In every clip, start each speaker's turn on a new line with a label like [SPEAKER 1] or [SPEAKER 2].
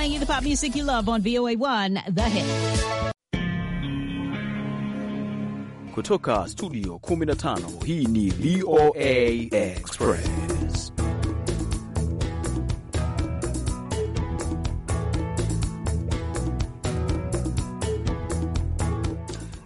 [SPEAKER 1] Playing the pop music you love on VOA1, The Hit.
[SPEAKER 2] Kutoka studio 15, hii ni VOA Express.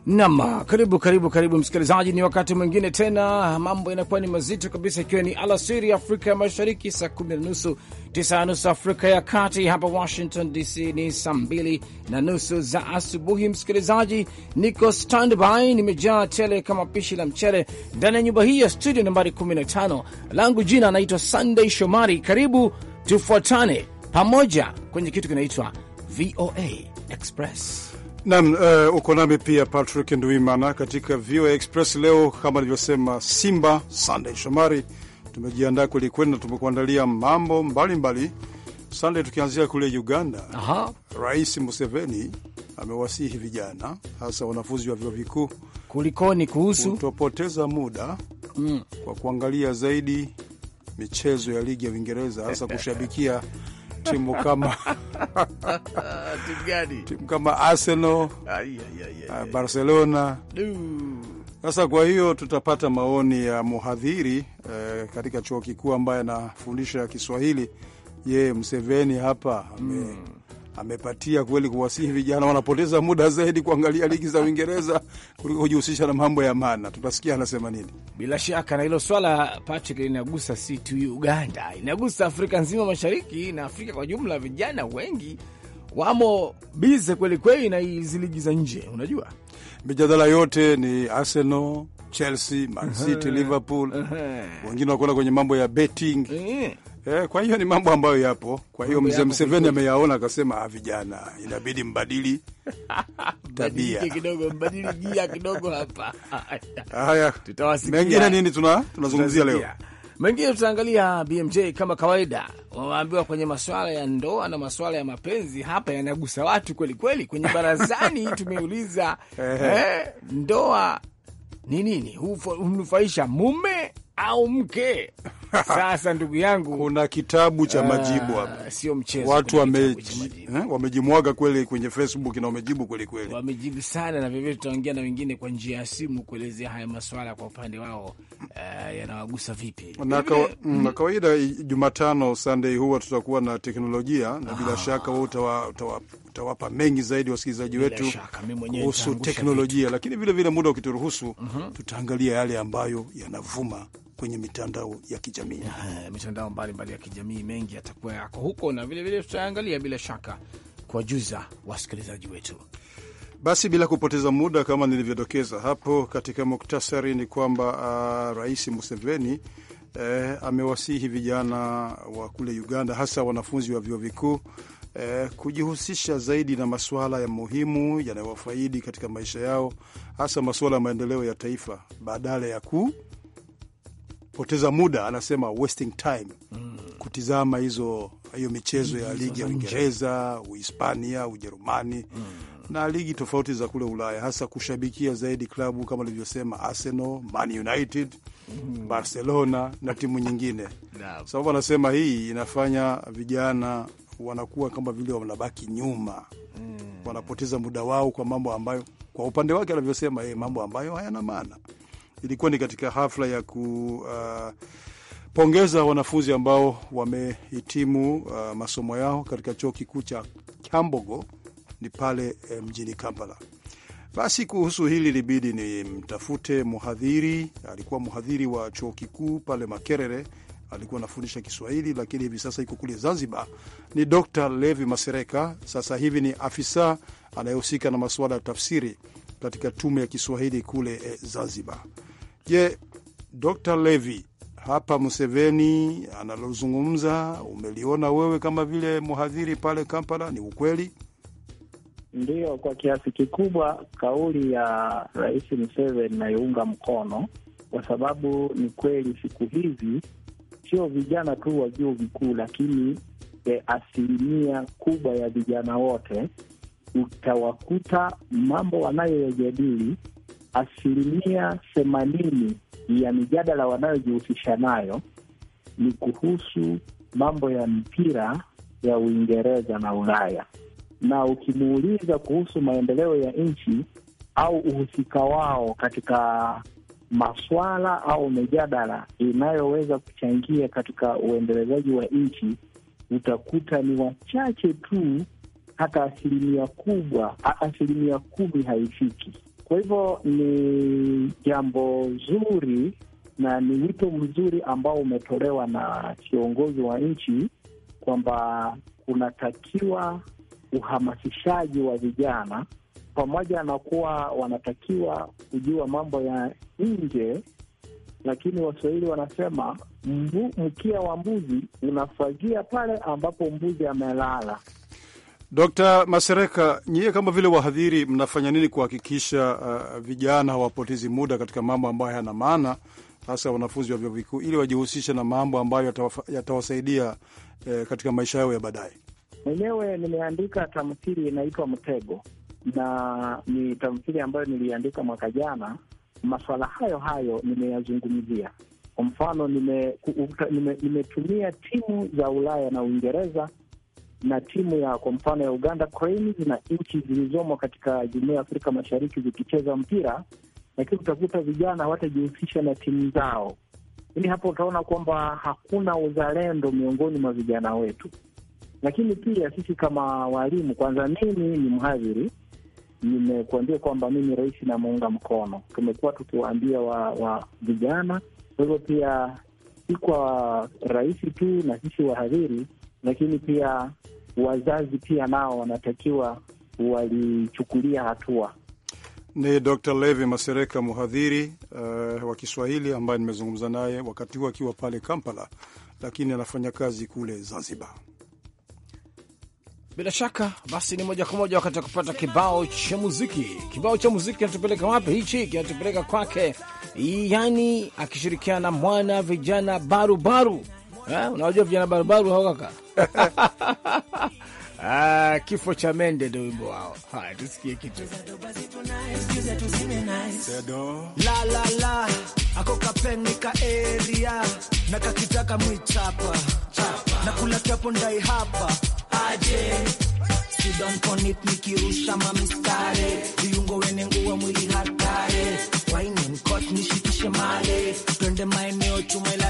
[SPEAKER 2] Nam, karibu karibu karibu msikilizaji, ni wakati mwingine tena, mambo yanakuwa ni mazito kabisa, ikiwa ni alasiri Afrika ya Mashariki, saa kumi na nusu tisa na nusu Afrika ya Kati. Hapa Washington DC ni saa mbili na nusu za asubuhi. Msikilizaji, niko standby, nimejaa tele kama pishi la mchele ndani ya nyumba hii ya studio nambari 15. Langu jina anaitwa Sunday Shomari. Karibu tufuatane pamoja kwenye kitu kinaitwa VOA Express.
[SPEAKER 3] Nam uh, eh, uko nami pia Patrick Nduimana katika VOA Express leo, kama alivyosema Simba Sunday Shomari Tumejiandaa kwelikweli na tumekuandalia mambo mbalimbali Sande, tukianzia kule Uganda. Aha. Rais Museveni amewasihi vijana hasa wanafunzi wa vyuo vikuu kulikoni, kuhusu kutopoteza muda mm, kwa kuangalia zaidi michezo ya ligi ya Uingereza hasa kushabikia timu kama timu kama Arsenal, Barcelona sasa kwa hiyo tutapata maoni ya mhadhiri e, katika chuo kikuu ambaye anafundisha Kiswahili. Je, Mseveni hapa ame, mm. amepatia kweli kuwasihi vijana wanapoteza muda zaidi kuangalia ligi za Uingereza kuliko kujihusisha na mambo ya
[SPEAKER 2] maana. Tutasikia anasema nini. Bila shaka na hilo swala Patrick, linagusa si tu Uganda, inagusa Afrika nzima, mashariki na Afrika kwa jumla. Vijana wengi wamo bize kwelikweli na hizi ligi za nje, unajua mijadala
[SPEAKER 3] yote ni Arsenal, Chelsea, Man City, Liverpool, wengine wakuenda kwenye mambo ya betting eh. eh, kwa hiyo ni mambo ambayo yapo. Kwa hiyo mzee Mseveni ameyaona akasema, ah, vijana inabidi mbadili tabia
[SPEAKER 2] kidogo, mbadili kidogo hapa.
[SPEAKER 3] Haya, mengine nini tunazungumzia tuna leo
[SPEAKER 2] Mengine tutaangalia BMJ kama kawaida, wameambiwa kwenye maswala ya ndoa na maswala ya mapenzi hapa yanagusa watu kweli kweli. Kwenye barazani tumeuliza eh, ndoa ni nini humnufaisha mume au mke. Sasa ndugu yangu, kuna kitabu cha ah, majibu hapa, sio mchezo. Watu eh,
[SPEAKER 3] wamejimwaga wame kweli kwenye Facebook na wamejibu kweli
[SPEAKER 2] kweli, wamejibu sana, na vilevile tutaongea na wengine kwa njia ya simu kuelezea haya maswala kwa upande wao, uh, yanawagusa vipi na kawa,
[SPEAKER 3] mm, kawaida Jumatano Sunday huwa tutakuwa na teknolojia na bila ah. shaka wao utawa, utawa tutawapa mengi zaidi wasikilizaji wetu kuhusu teknolojia, lakini vilevile muda ukituruhusu, mm -hmm. tutaangalia yale ambayo yanavuma kwenye mitandao ya
[SPEAKER 2] kijamii yeah, mitandao mbalimbali ya kijamii mengi yatakuwa yako huko, na vilevile tutaangalia bila shaka kuwajuza wasikilizaji wetu.
[SPEAKER 3] Basi bila kupoteza muda, kama nilivyodokeza hapo katika muktasari, ni kwamba uh, Rais Museveni eh, amewasihi vijana wa kule Uganda, hasa wanafunzi wa vyuo vikuu eh, kujihusisha zaidi na masuala ya muhimu yanayowafaidi katika maisha yao, hasa masuala ya maendeleo ya taifa badala ya kupoteza muda, anasema wasting time mm, kutizama hizo hiyo michezo ya ligi ya hmm. Uingereza, Uhispania, Ujerumani mm, na ligi tofauti za kule Ulaya, hasa kushabikia zaidi klabu kama alivyosema Arsenal, Man United mm, Barcelona na timu nyingine sababu anasema hii inafanya vijana wanakuwa kama vile wanabaki nyuma mm. wanapoteza muda wao kwa mambo ambayo kwa upande wake anavyosema yeye, mambo ambayo hayana maana. Ilikuwa ni katika hafla ya kupongeza uh, wanafunzi ambao wamehitimu uh, masomo yao katika chuo kikuu cha Kyambogo ni pale eh, mjini Kampala. Basi kuhusu hili libidi ni mtafute mhadhiri, alikuwa mhadhiri wa chuo kikuu pale Makerere alikuwa anafundisha Kiswahili, lakini hivi sasa iko kule Zanzibar, ni Dr Levi Masereka. Sasa hivi ni afisa anayehusika na masuala ya tafsiri katika tume ya Kiswahili kule e, Zanzibar. Je, Dr Levi, hapa Museveni analozungumza umeliona wewe kama vile mhadhiri pale Kampala,
[SPEAKER 4] ni ukweli? Ndiyo, kwa kiasi kikubwa kauli ya Rais Museveni naiunga mkono, kwa sababu ni kweli siku hizi sio vijana tu wa vyuo vikuu, lakini e, asilimia kubwa ya vijana wote utawakuta mambo wanayoyajadili, asilimia themanini ya mijadala wanayojihusisha nayo ni kuhusu mambo ya mpira ya Uingereza na Ulaya, na ukimuuliza kuhusu maendeleo ya nchi au uhusika wao katika maswala au mijadala inayoweza kuchangia katika uendelezaji wa nchi, utakuta ni wachache tu, hata asilimia kubwa, asilimia kumi haifiki. Kwa hivyo ni jambo zuri na ni wito mzuri ambao umetolewa na kiongozi wa nchi kwamba kunatakiwa uhamasishaji wa vijana pamoja na kuwa wanatakiwa kujua mambo ya nje, lakini Waswahili wanasema mbu, mkia wa mbuzi unafagia pale ambapo mbuzi amelala.
[SPEAKER 3] Dkt. Masereka, nyie kama vile wahadhiri, mnafanya nini kuhakikisha uh, vijana hawapotezi muda katika mambo ambayo yana maana, hasa wanafunzi wa vyuo vikuu, ili wajihusishe na mambo ambayo yatawasaidia eh, katika maisha yao ya baadaye?
[SPEAKER 4] Mwenyewe nimeandika tamthili inaitwa Mtego na ni tamthili ambayo niliandika mwaka jana. Masuala hayo hayo nimeyazungumzia. Kwa mfano, nimetumia nime, nime timu za Ulaya na Uingereza na timu ya kwa mfano ya Uganda Cranes na nchi zilizomo katika Jumuiya ya Afrika Mashariki zikicheza mpira, lakini utakuta vijana hawatajihusisha na timu zao. ini yaani hapo utaona kwamba hakuna uzalendo miongoni mwa vijana wetu. Lakini pia sisi kama walimu, kwanza mimi ni mhadhiri nimekuambia kwamba mimi rais namuunga mkono. Tumekuwa tukiwaambia wa vijana, kwa hivyo pia si kwa rais tu na sisi wahadhiri, lakini pia wazazi pia nao wanatakiwa walichukulia hatua.
[SPEAKER 3] Ni Dr. Levi Masereka, mhadhiri uh, wa Kiswahili ambaye nimezungumza naye wakati huu akiwa pale Kampala, lakini anafanya kazi kule Zanzibar.
[SPEAKER 2] Bila shaka basi, ni moja kwa moja wakati wa kupata kibao cha muziki. Kibao cha muziki kinatupeleka wapi? Hichi kinatupeleka kwake, yani akishirikiana na mwana vijana barubaru. Eh, Unawajua vijana barubaru hao kaka Ah, kifo cha mende ndio wimbo wao. Haya, tusikie kitu la la la ako kapeni ka area na kakitaka
[SPEAKER 1] mwichapa na kula kiapo ndai hapa aje sidonkonit nikirusha mamistare viungo wene nguwa mwili hatare waini mkot nishikishe male tuende maeneo chumele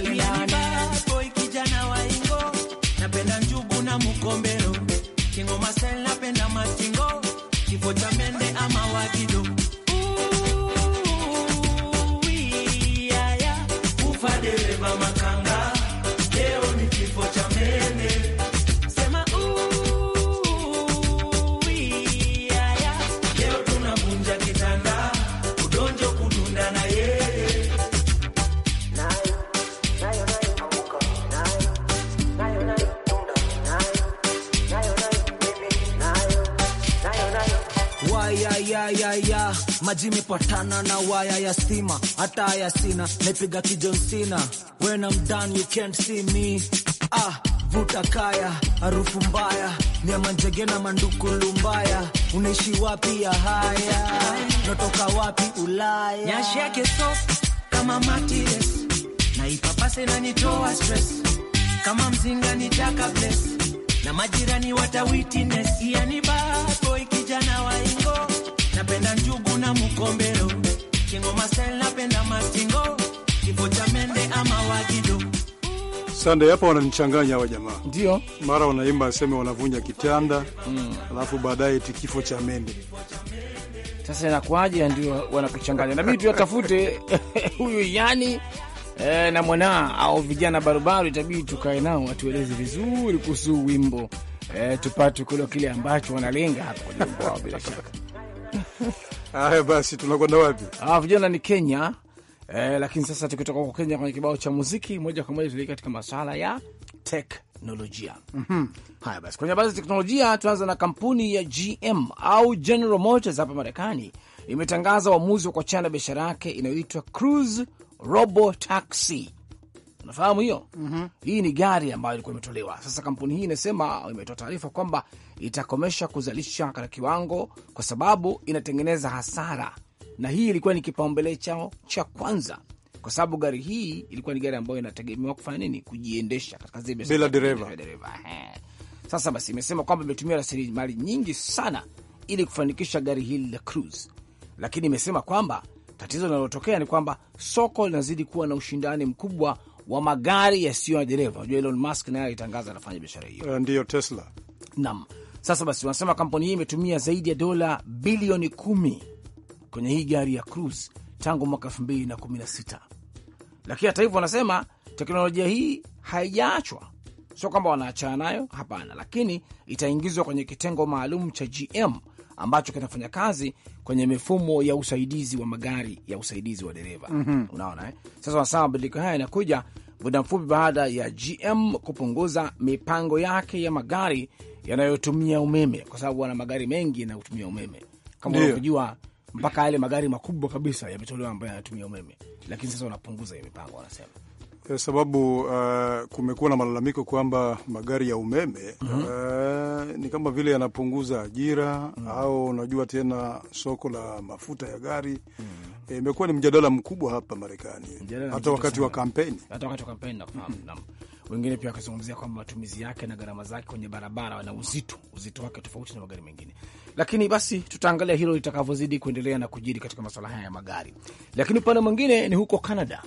[SPEAKER 2] maji mipatana na waya ya stima, hata haya sina, nipiga kijonsina when I'm done you can't see me ah vuta kaya, harufu mbaya nyama njege na
[SPEAKER 1] manduku lumbaya, unaishi wapi ya haya, natoka wapi Ulaya, nyashi yake soft kama matires na ipapase na nitoa stress kama mzinga ni jaka bless na majirani wata witness yani bad boy kijana wa napenda njugu na mukombero, napenda matingo, kifo cha mende ama wagido.
[SPEAKER 3] Sande, hapa wananichanganya hawa jamaa. Ndio. Mara wanaimba aseme wanavunja kitanda, mm.
[SPEAKER 2] Alafu baadaye ti kifo cha mende. Sasa inakuaje ndio wanakuchanganya. Na mimi tafute huyu yani E, eh, na mwanaa au vijana barubaru, itabidi tukae nao watueleze vizuri kuhusu wimbo e, tupate kilo kile ambacho wanalenga hapa kwenye wimbo wao bila shaka. Haya basi, tunakwenda wapi? Ah, vijana ni Kenya. Eh, lakini sasa tukitoka kwa Kenya kwenye kibao cha muziki moja kwa moja tuli katika masuala ya teknolojia. mm -hmm. Haya basi, kwenye habari za teknolojia tunaanza na kampuni ya GM au General Motors hapa Marekani imetangaza uamuzi wa kuachana biashara yake inayoitwa Cruise Robo Taxi unafahamu hiyo mm -hmm. Hii ni gari ambayo ilikuwa imetolewa. Sasa kampuni hii inasema, imetoa taarifa kwamba itakomesha kuzalisha katika kiwango, kwa sababu inatengeneza hasara, na hii ilikuwa ni kipaumbele chao cha kwanza, kwa sababu gari hii ilikuwa ni gari ambayo inategemewa kufanya nini? Kujiendesha katika zile bila dereva. Sasa basi, imesema kwamba imetumia rasilimali nyingi sana ili kufanikisha gari hili la Cruze, lakini imesema kwamba tatizo linalotokea ni kwamba soko linazidi kuwa na ushindani mkubwa wa magari yasiyo na dereva. Unajua Elon Musk naye alitangaza anafanya biashara hiyo, eh, ndiyo Tesla. Naam. Sasa basi, wanasema kampuni hii imetumia zaidi ya dola bilioni kumi kwenye hii gari ya Cruise tangu mwaka elfu mbili na kumi na sita lakini hata hivyo, wanasema teknolojia hii haijaachwa, sio kwamba wanaachana nayo, hapana, lakini itaingizwa kwenye kitengo maalum cha GM ambacho kinafanya kazi kwenye mifumo ya usaidizi wa magari ya usaidizi wa dereva mm -hmm. Unaona eh? Sasa wanasema mabadiliko haya yanakuja muda mfupi baada ya GM kupunguza mipango yake ya magari yanayotumia umeme, kwa sababu wana magari mengi yanayotumia umeme kama unavyojua mpaka yale magari makubwa kabisa yametolewa ambayo yanatumia umeme, lakini sasa wanapunguza hiyo mipango wanasema
[SPEAKER 3] kwa eh, sababu uh, kumekuwa na malalamiko kwamba magari ya umeme mm -hmm. uh, ni kama vile yanapunguza ajira mm -hmm. au unajua tena soko la mafuta ya gari mm -hmm. imekuwa e, ni mjadala mkubwa hapa Marekani hata wakati wa kampeni,
[SPEAKER 2] hata wakati wa kampeni nafahamu mm -hmm. wengine pia wakizungumzia kwamba matumizi yake na gharama zake kwenye barabara na uzito uzito wake tofauti na magari mengine, lakini basi tutaangalia hilo litakavyozidi kuendelea na kujiri katika masuala haya ya magari, lakini upande mwingine ni huko Canada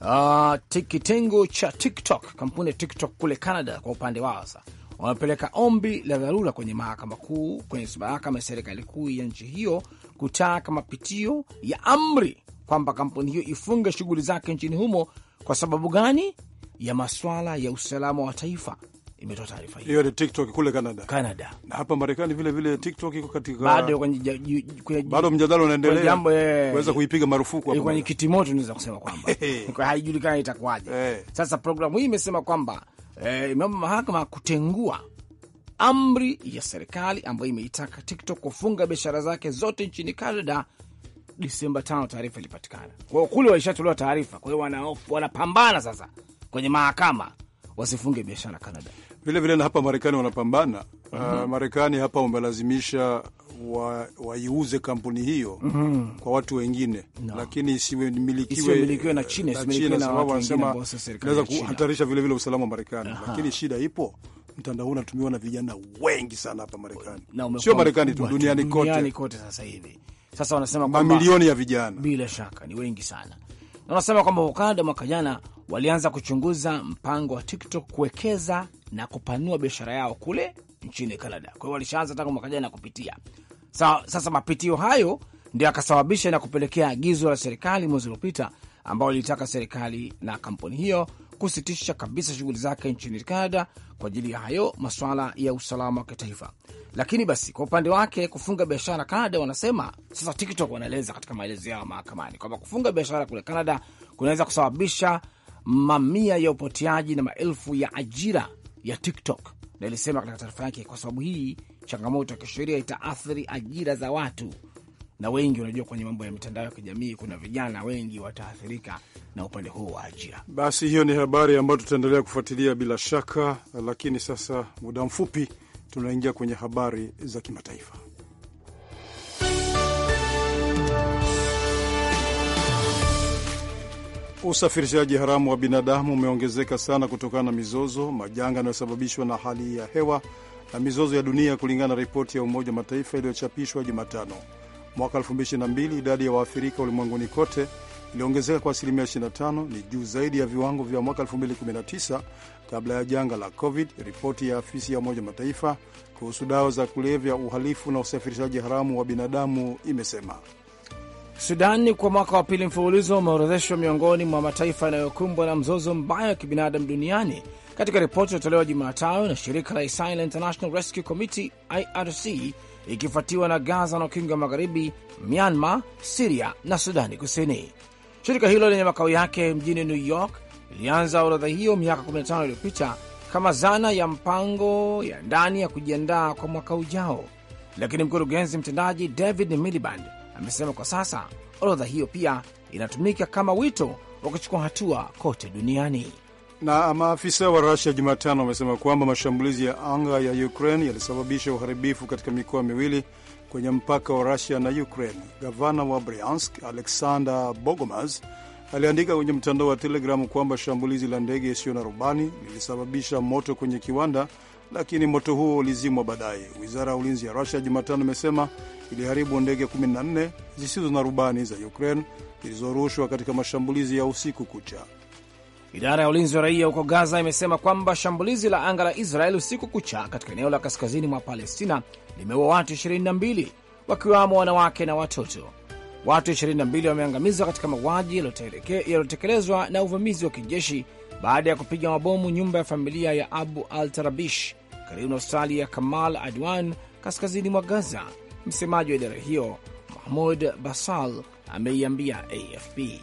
[SPEAKER 2] uh, ah, kitengo cha TikTok, kampuni ya TikTok kule Canada kwa upande wao sasa wamepeleka ombi la dharura kwenye mahakama kuu, kwenye mahakama ya serikali kuu ya nchi hiyo kutaka mapitio ya amri kwamba kampuni hiyo ifunge shughuli zake nchini humo. Kwa sababu gani? Ya maswala ya usalama wa taifa imetoa taarifa hiyo. ni TikTok kule Canada. Canada. Na hapa Marekani vile vile TikTok iko katika bado kwenye bado mjadala unaendelea. Jambo eh, kuweza kuipiga marufuku hapo. Eh, kwenye tunaweza kusema kwamba kwa haijulikani itakuwaje. Eh. Sasa programu hii imesema kwamba eh, imeomba mahakama kutengua amri ya serikali ambayo imeitaka TikTok kufunga biashara zake zote nchini Canada Disemba tano, taarifa ilipatikana. Kwa hiyo kule walishatolewa taarifa, kwa hiyo wanapambana sasa kwenye mahakama wasifunge biashara Canada. Vile vile na hapa Marekani wanapambana. mm -hmm. Uh, Marekani
[SPEAKER 3] hapa wamelazimisha wa, waiuze kampuni hiyo mm -hmm. kwa watu wengine no. Lakini isimilikiwe na China, China sababu wanasema inaweza kuhatarisha vilevile usalama wa Marekani. Lakini shida ipo mtandao huu unatumiwa na vijana wengi sana hapa Marekani,
[SPEAKER 2] sio Marekani tu, duniani kote, kote sasa hivi. Sasa wanasema mamilioni ya vijana, bila shaka ni wengi sana, na wanasema kwamba Canada mwaka jana walianza kuchunguza mpango wa TikTok kuwekeza na kupanua biashara yao kule nchini Canada. Kwa hiyo walishaanza tangu mwaka jana kupitia sa, sasa mapitio hayo ndio yakasababisha na kupelekea agizo la serikali mwezi uliopita ambao ilitaka serikali na kampuni hiyo kusitisha kabisa shughuli zake nchini Canada kwa ajili ya hayo maswala ya usalama wa kitaifa. Lakini basi kwa upande wake kufunga biashara Canada, wanasema sasa TikTok wanaeleza katika maelezo yao mahakamani kwamba kufunga biashara kule Canada kunaweza kusababisha mamia ya upoteaji na maelfu ya ajira ya TikTok, na ilisema katika taarifa yake, kwa sababu hii changamoto ya kisheria itaathiri ajira za watu, na wengi wanajua, kwenye mambo ya mitandao ya kijamii kuna vijana wengi wataathirika na upande huo wa ajira.
[SPEAKER 3] Basi hiyo ni habari ambayo tutaendelea kufuatilia bila shaka, lakini sasa muda mfupi tunaingia kwenye habari za kimataifa. Usafirishaji haramu wa binadamu umeongezeka sana kutokana na mizozo, majanga yanayosababishwa na hali ya hewa na mizozo ya dunia, kulingana na ripoti ya Umoja wa Mataifa iliyochapishwa Jumatano. Mwaka 2022 idadi ya waathirika ulimwenguni kote iliongezeka kwa asilimia 25, ni juu zaidi ya viwango vya mwaka 2019 kabla ya janga la COVID. Ripoti ya afisi ya Umoja Mataifa kuhusu dawa za kulevya,
[SPEAKER 2] uhalifu na usafirishaji haramu wa binadamu imesema Sudan kwa mwaka wa pili mfululizo umeorodheshwa miongoni mwa mataifa yanayokumbwa na mzozo mbaya wa kibinadamu duniani katika ripoti iliyotolewa Jumatano na shirika la Israel International Rescue Committee IRC, ikifuatiwa na Gaza na Ukingo wa Magharibi, Myanmar, Siria na Sudani Kusini. Shirika hilo lenye makao yake mjini New York lilianza orodha hiyo miaka 15 iliyopita kama zana ya mpango ya ndani ya kujiandaa kwa mwaka ujao, lakini mkurugenzi mtendaji David Miliband amesema kwa sasa orodha hiyo pia inatumika kama wito wa kuchukua hatua kote duniani. Na
[SPEAKER 3] maafisa wa Rusia Jumatano wamesema kwamba mashambulizi ya anga ya Ukraine yalisababisha uharibifu katika mikoa miwili kwenye mpaka wa Rusia na Ukraine. Gavana wa Bryansk Alexander Bogomaz aliandika kwenye mtandao wa Telegramu kwamba shambulizi la ndege isiyo na rubani lilisababisha moto kwenye kiwanda lakini moto huo ulizimwa baadaye. Wizara ya ulinzi ya Rusia Jumatano imesema iliharibu ndege 14 zisizo na rubani za Ukraine zilizorushwa katika mashambulizi ya usiku kucha.
[SPEAKER 2] Idara ya ulinzi wa raia huko Gaza imesema kwamba shambulizi la anga la Israel usiku kucha katika eneo la kaskazini mwa Palestina limeua watu 22 wakiwamo wanawake na watoto. Watu 22 wameangamizwa katika mauaji yaliyotekelezwa na uvamizi wa kijeshi baada ya kupiga mabomu nyumba ya familia ya Abu al Tarabish karibu na hospitali ya Kamal Adwan kaskazini mwa Gaza. Msemaji wa idara hiyo Mahmud Basal ameiambia AFP.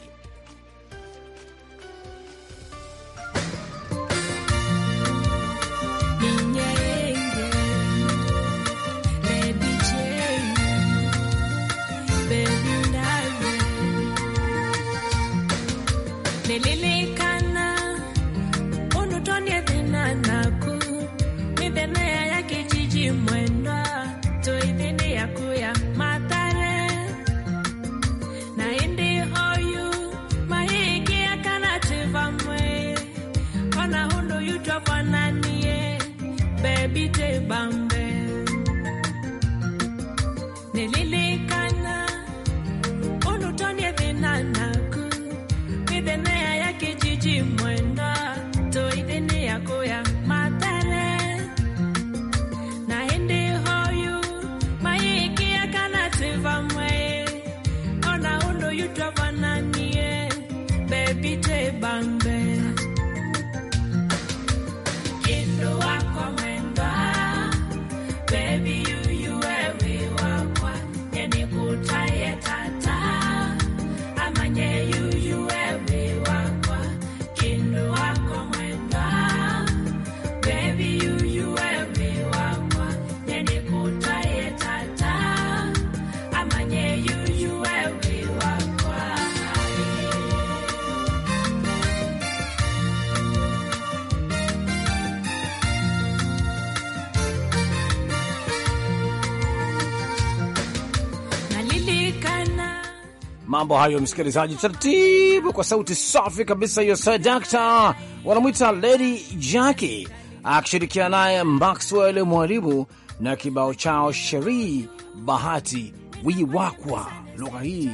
[SPEAKER 2] mambo hayo, msikilizaji, taratibu kwa sauti safi kabisa hiyo. Sadakta wanamwita Lady Jackie akishirikiana naye Maxwell Mwalimu na kibao chao Sherii Bahati Wiwakwa. Lugha hii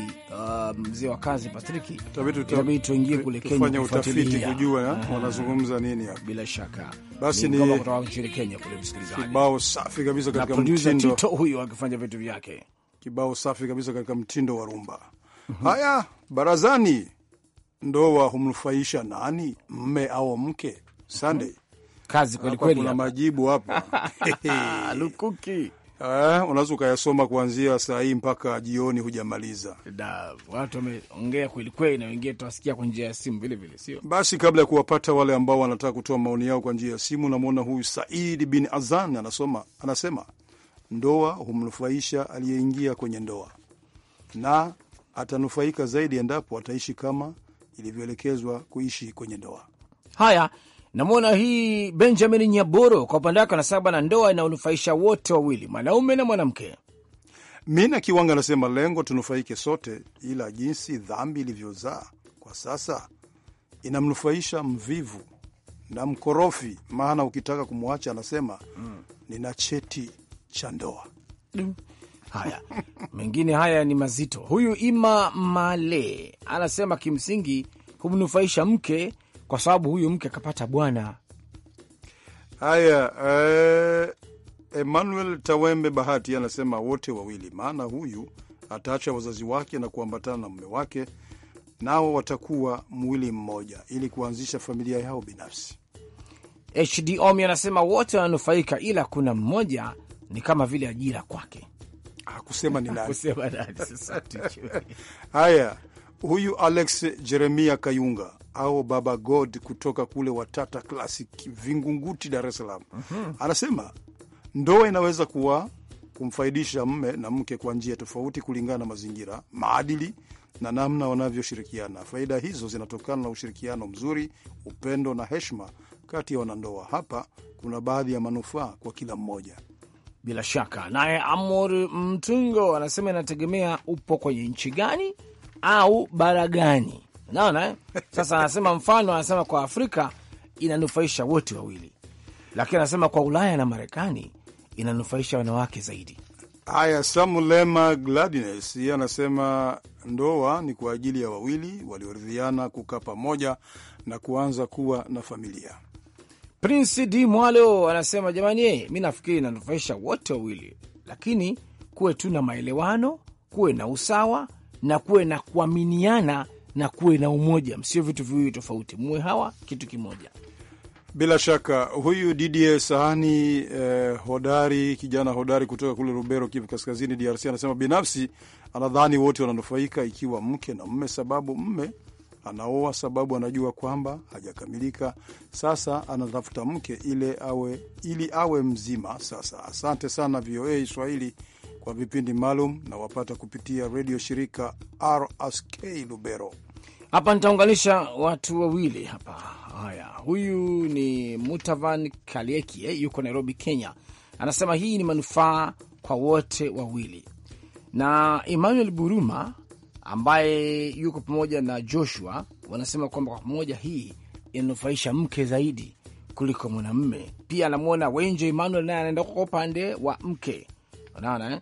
[SPEAKER 2] uh, mzee wa kazi Patriki, itabidi tuingie kule Kenya kufanya utafiti kujua eh, wanazungumza
[SPEAKER 3] nini hapo. Bila shaka basi ni kutoka nchini Kenya kule, msikilizaji, kibao safi kabisa katika mtindo huyo akifanya vitu vyake, kibao safi kabisa katika mtindo wa rumba. Mm-hmm. Haya, barazani, ndoa humnufaisha nani, mme au mke? Sande mm-hmm. kazi kweli kuna majibu hapa ah, lukuki. Eh, unaweza ukayasoma kuanzia saa hii mpaka jioni hujamaliza.
[SPEAKER 2] Watu wameongea na wengine tutawasikia kwa njia ya simu sio?
[SPEAKER 3] Basi kabla ya kuwapata wale ambao wanataka kutoa maoni yao kwa njia ya simu, namwona huyu Saidi bin Azan anasoma, anasema ndoa humnufaisha aliyeingia kwenye ndoa na atanufaika zaidi
[SPEAKER 2] endapo ataishi kama ilivyoelekezwa kuishi kwenye ndoa. Haya, namwona hii Benjamin Nyaboro kwa upande wake anasema na ndoa inaonufaisha wote wawili, mwanaume na mwanamke. Mi na Kiwanga anasema lengo tunufaike sote, ila jinsi
[SPEAKER 3] dhambi ilivyozaa kwa sasa inamnufaisha mvivu na mkorofi, maana ukitaka kumwacha anasema mm, nina cheti cha ndoa
[SPEAKER 1] mm.
[SPEAKER 2] Haya, mengine haya ni mazito. Huyu Ima Male anasema kimsingi humnufaisha mke, kwa sababu huyu mke akapata bwana.
[SPEAKER 3] Haya, eh, Emmanuel Tawembe Bahati anasema wote wawili, maana huyu ataacha wazazi wake na kuambatana na mume wake,
[SPEAKER 2] nao watakuwa mwili mmoja ili kuanzisha familia yao binafsi. HD Omi anasema wote wananufaika, ila kuna mmoja ni kama vile ajira kwake hakusema ni nani.
[SPEAKER 3] Haya, huyu Alex Jeremia Kayunga au Baba God kutoka kule Watata Classic Vingunguti, Dar es Salaam mm -hmm. anasema ndoa inaweza kuwa kumfaidisha mme na mke kwa njia tofauti kulingana na mazingira, maadili na namna wanavyoshirikiana. Faida hizo zinatokana na ushirikiano mzuri, upendo na heshima
[SPEAKER 2] kati ya wanandoa. Hapa kuna baadhi ya manufaa kwa kila mmoja bila shaka. Naye Amor Mtungo anasema inategemea upo kwenye nchi gani au bara gani. Naona eh? sasa, anasema mfano, anasema kwa Afrika inanufaisha wote wawili, lakini anasema kwa Ulaya na Marekani inanufaisha wanawake zaidi.
[SPEAKER 3] Haya, Samulema Gladines yeye anasema ndoa ni kwa ajili ya wawili walioridhiana kukaa pamoja na kuanza kuwa na familia.
[SPEAKER 2] Prince D Mwalo anasema jamani, mi nafikiri inanufaisha wote wawili, lakini kuwe tu na maelewano, kuwe na usawa na kuwe na kuaminiana na kuwe na umoja, msio vitu viwili tofauti, muwe hawa kitu kimoja.
[SPEAKER 3] Bila shaka huyu Didier Sahani eh, hodari kijana hodari kutoka kule Rubero, Kivu Kaskazini, DRC, anasema binafsi anadhani wote wananufaika ikiwa mke na mme, sababu mme anaoa sababu anajua kwamba hajakamilika. Sasa anatafuta mke ile awe, ili awe mzima. Sasa asante sana VOA Swahili kwa vipindi maalum na wapata kupitia redio shirika RSK
[SPEAKER 2] Lubero. Hapa nitaunganisha watu wawili hapa. Haya, huyu ni Mutavan Kalieki eh, yuko Nairobi, Kenya. Anasema hii ni manufaa kwa wote wawili, na Emmanuel Buruma ambaye yuko pamoja na Joshua wanasema kwamba kwa pamoja hii inanufaisha mke zaidi kuliko mwanamme. Pia anamwona Wenje Emmanuel naye anaenda kwa upande wa mke, unaona eh?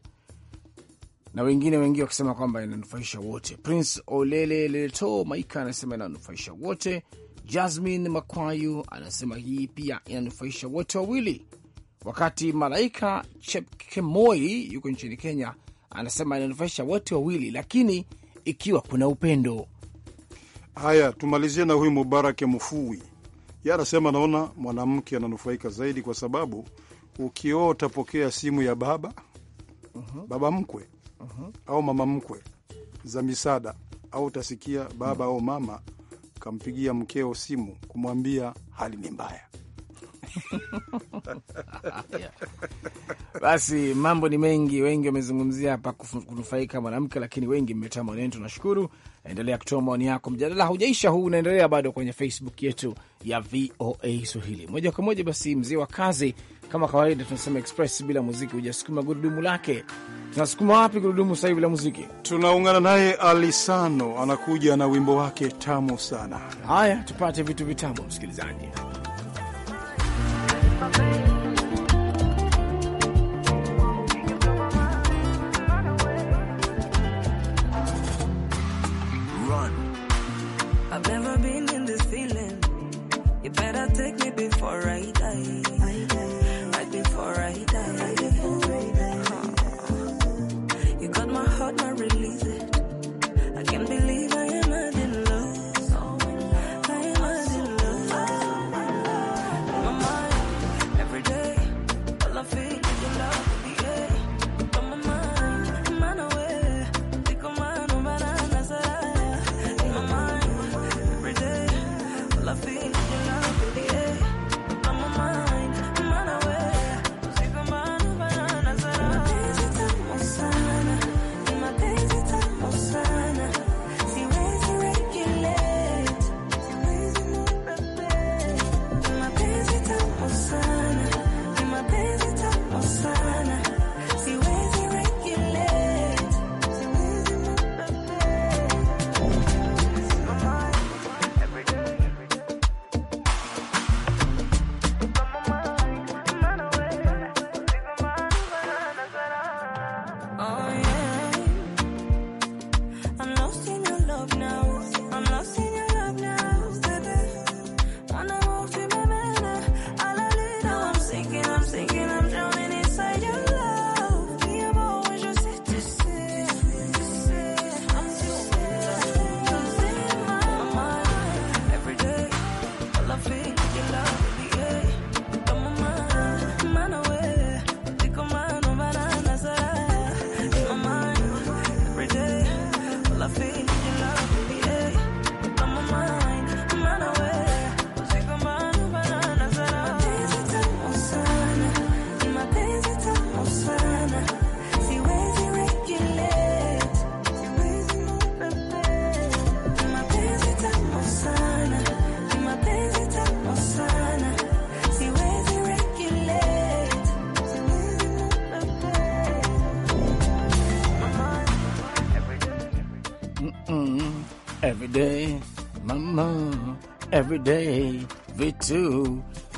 [SPEAKER 2] na wengine wengi wakisema kwamba inanufaisha wote. Prince Olele Leto Maika anasema inanufaisha wote. Jasmin Makwayu anasema hii pia inanufaisha wote wawili, wakati Malaika Chepkemoi yuko nchini Kenya anasema inanufaisha wote wawili, lakini ikiwa kuna upendo. Haya, tumalizie na huyu Mubarake Mufui, ya anasema naona
[SPEAKER 3] mwanamke ananufaika zaidi, kwa sababu ukioa utapokea simu ya baba uh mhm. -huh. baba mkwe uh mhm. -huh. au mama mkwe za misaada, au utasikia baba uh -huh. au mama kampigia mkeo simu kumwambia hali ni mbaya.
[SPEAKER 2] Basi mambo ni mengi, wengi wamezungumzia hapa kunufaika mwanamke, lakini wengi mmetoa maoni yenu, tunashukuru. Endelea kutoa maoni yako, mjadala haujaisha, huu unaendelea bado kwenye Facebook yetu ya VOA Swahili moja kwa moja. Basi mzee wa kazi, kama kawaida, tunasema express bila muziki hujasukuma gurudumu lake. Tunasukuma wapi gurudumu sasa hivi bila muziki? Tunaungana naye Alisano,
[SPEAKER 3] anakuja na wimbo wake tamu sana. Haya,
[SPEAKER 2] tupate vitu vitamu, msikilizaji. baby.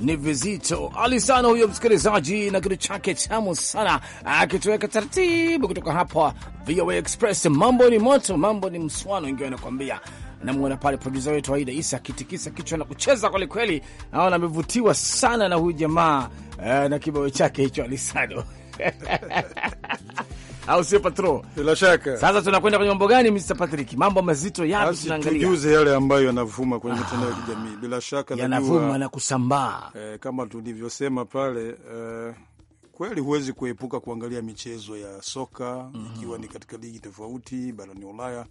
[SPEAKER 2] ni vizito ali sana huyo msikilizaji na kitu chake tamu sana, akitoweka taratibu kutoka hapa VOA Express. Mambo ni moto, mambo ni mswano, ingiwa anakuambia namwona pale produsa wetu Aida Isa akitikisa kichwa na kucheza kwelikweli, naona amevutiwa sana na huyu jamaa eh, na kibao chake hicho alisano au sio patro? Bila shaka. Sasa tunakwenda kwenye mambo gani, Mr Patrick? Mambo mazito yapi tunaangalia? Tujuze
[SPEAKER 3] yale ambayo yanavuma kwenye mitandao ya kijamii. Bila shaka yanavuma na kusambaa. Eh, kama tulivyosema pale eh, kweli huwezi kuepuka kuangalia michezo ya soka mm -hmm. ikiwa ni katika ligi tofauti barani Ulaya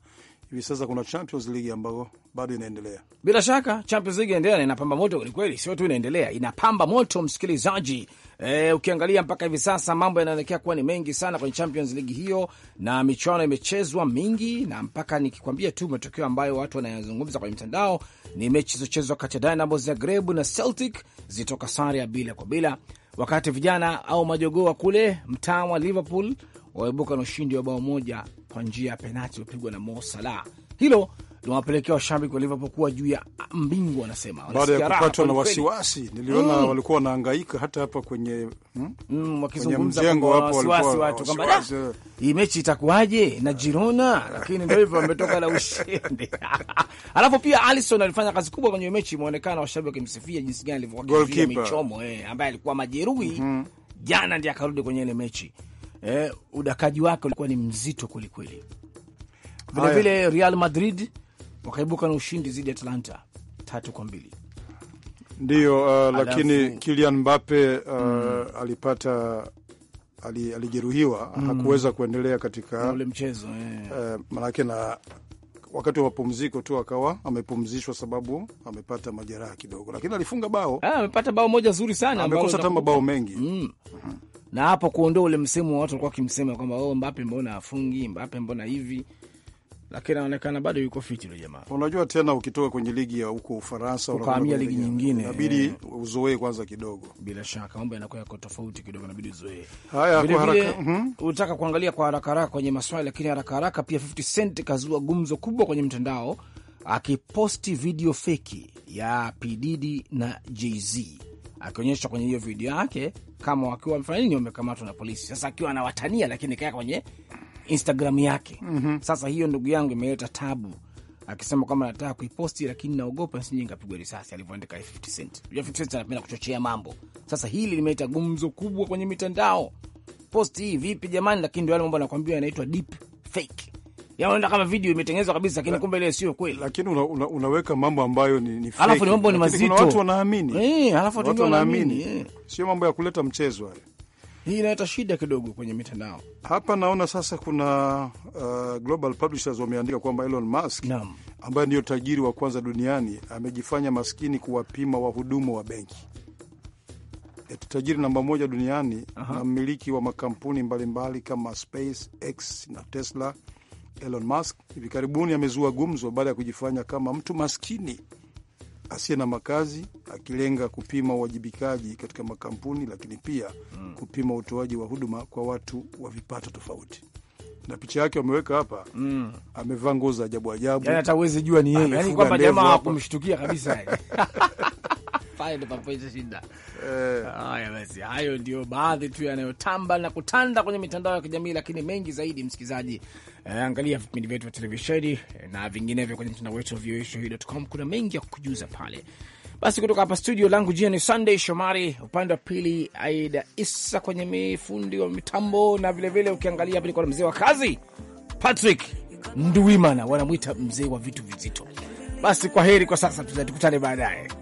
[SPEAKER 3] hivi sasa kuna Champions League ambayo bado inaendelea.
[SPEAKER 2] Bila shaka Champions League inaendelea na inapamba moto kwelikweli, sio tu inaendelea, inapamba moto msikilizaji, E, ukiangalia mpaka hivi sasa mambo yanaonekea kuwa ni mengi sana kwenye Champions League hiyo, na michuano imechezwa mingi, na mpaka nikikwambia tu matokeo ambayo watu wanayazungumza kwenye mitandao ni mechi zilizochezwa kati ya Dinamo Zagreb na Celtic zitoka sare ya bila kwa bila, wakati vijana au majogoo wa kule mtaa wa Liverpool waibuka na no ushindi wa bao moja kwa njia ya penati iliyopigwa na Mo Salah. Hilo liwapelekea washabiki walivyopokuwa juu ya mbingu, wanasema baada ya kupatwa na wasiwasi. Niliona mm. walikuwa wanahangaika hata hapa kwenye hmm? mm? mm, wakizungumza wasiwasi watu kwamba ah, hii mechi itakuwaje na Girona, lakini ndio hivyo wametoka na ushindi alafu pia Alisson alifanya kazi kubwa kwenye mechi, imeonekana washabiki wakimsifia jinsi gani michomo eh, ambaye alikuwa majeruhi mm -hmm. Jana ndiye akarudi kwenye ile mechi eh, udakaji wake ulikuwa ni mzito kwelikweli. Vilevile Real Madrid wakaibuka na ushindi dhidi ya tatu kwa mbili.
[SPEAKER 3] Ndiyo, uh, lakini Kylian Mbappe uh, mm. alipata alijeruhiwa mm. hakuweza kuendelea katika ule mchezo yeah. Uh, manake na wakati wa mapumziko tu akawa amepumzishwa sababu amepata majeraha kidogo, lakini alifunga bao,
[SPEAKER 2] ah, amepata bao moja zuri sana, amekosa hata mabao mengi mm. Mhm. na hapo kuondoa ule msemo wa watu walikuwa wakimsema kwamba oh, Mbappe mbona afungi, Mbappe mbona hivi lakini anaonekana bado yuko fiti yule jamaa.
[SPEAKER 3] Unajua tena ukitoka kwenye ligi ya huko Ufaransa ukahamia ligi nyingine, inabidi uzoee
[SPEAKER 2] kwanza kidogo. Bila shaka mambo yanakuwa yako tofauti kidogo, inabidi uzoee haya kwa haraka. mm -hmm. Unataka kuangalia kwa haraka haraka kwenye maswali, lakini haraka haraka pia 50 Cent kazua gumzo kubwa kwenye mtandao akiposti video feki ya P na Jay-Z akionyesha kwenye hiyo video yake kama wakiwa wamefanya nini, wamekamatwa na polisi. Sasa akiwa anawatania, lakini kaa kwenye Instagram yake mm -hmm. Sasa hiyo ndugu yangu imeleta tabu, akisema kwamba nataka kuiposti lakini naogopa nsije nikapigwa risasi, alivyoandika 50 Cent. 50 Cent anapenda kuchochea mambo. Sasa hili limeleta gumzo kubwa kwenye mitandao, posti hii vipi jamani? Lakini ndio yale mambo anakuambia yanaitwa deep fake yanaenda yaani kama video imetengenezwa kabisa, lakini kumbe ile sio kweli. Lakini una, una, unaweka mambo ambayo ni, ni fake, alafu ni mambo ni mazito, watu wanaamini eh, alafu watu
[SPEAKER 3] wanaamini, eh. sio mambo ya kuleta mchezo haya hii inaleta shida kidogo kwenye mitandao. Hapa naona sasa kuna uh, Global Publishers wameandika kwamba Elon Musk ambaye ndiyo tajiri wa kwanza duniani amejifanya maskini kuwapima wahudumu wa benki tajiri namba moja duniani Aha. na mmiliki wa makampuni mbalimbali mbali kama SpaceX na Tesla, Elon Musk hivi karibuni amezua gumzo baada ya kujifanya kama mtu maskini asiye na makazi, akilenga kupima uwajibikaji katika makampuni, lakini pia mm. kupima utoaji wa huduma kwa watu wa vipato tofauti na picha yake wameweka hapa mm. Amevaa nguo za ajabu ajabu, yani hata uwezi jua ni yeye, yani kwamba jamaa hakumshtukia kabisa
[SPEAKER 2] pale papoitashinda. Eh. Haya basi, hayo ndio baadhi tu yanayotamba na kutanda kwenye mitandao ya kijamii, lakini mengi zaidi, msikilizaji, eh, angalia vipindi vyetu vya televisheni eh, na vinginevyo kwenye mtandao wetu wa voaswahili.com. Kuna mengi ya kukujuza pale. Basi kutoka hapa studio langu jina ni Sunday Shomari, upande wa pili Aida Issa kwenye mifundi wa mitambo, na vilevile vile ukiangalia hapa niko na mzee wa kazi Patrick Nduwimana, wanamwita mzee wa vitu vizito. Basi kwa heri kwa sasa, tuzatukutane baadaye.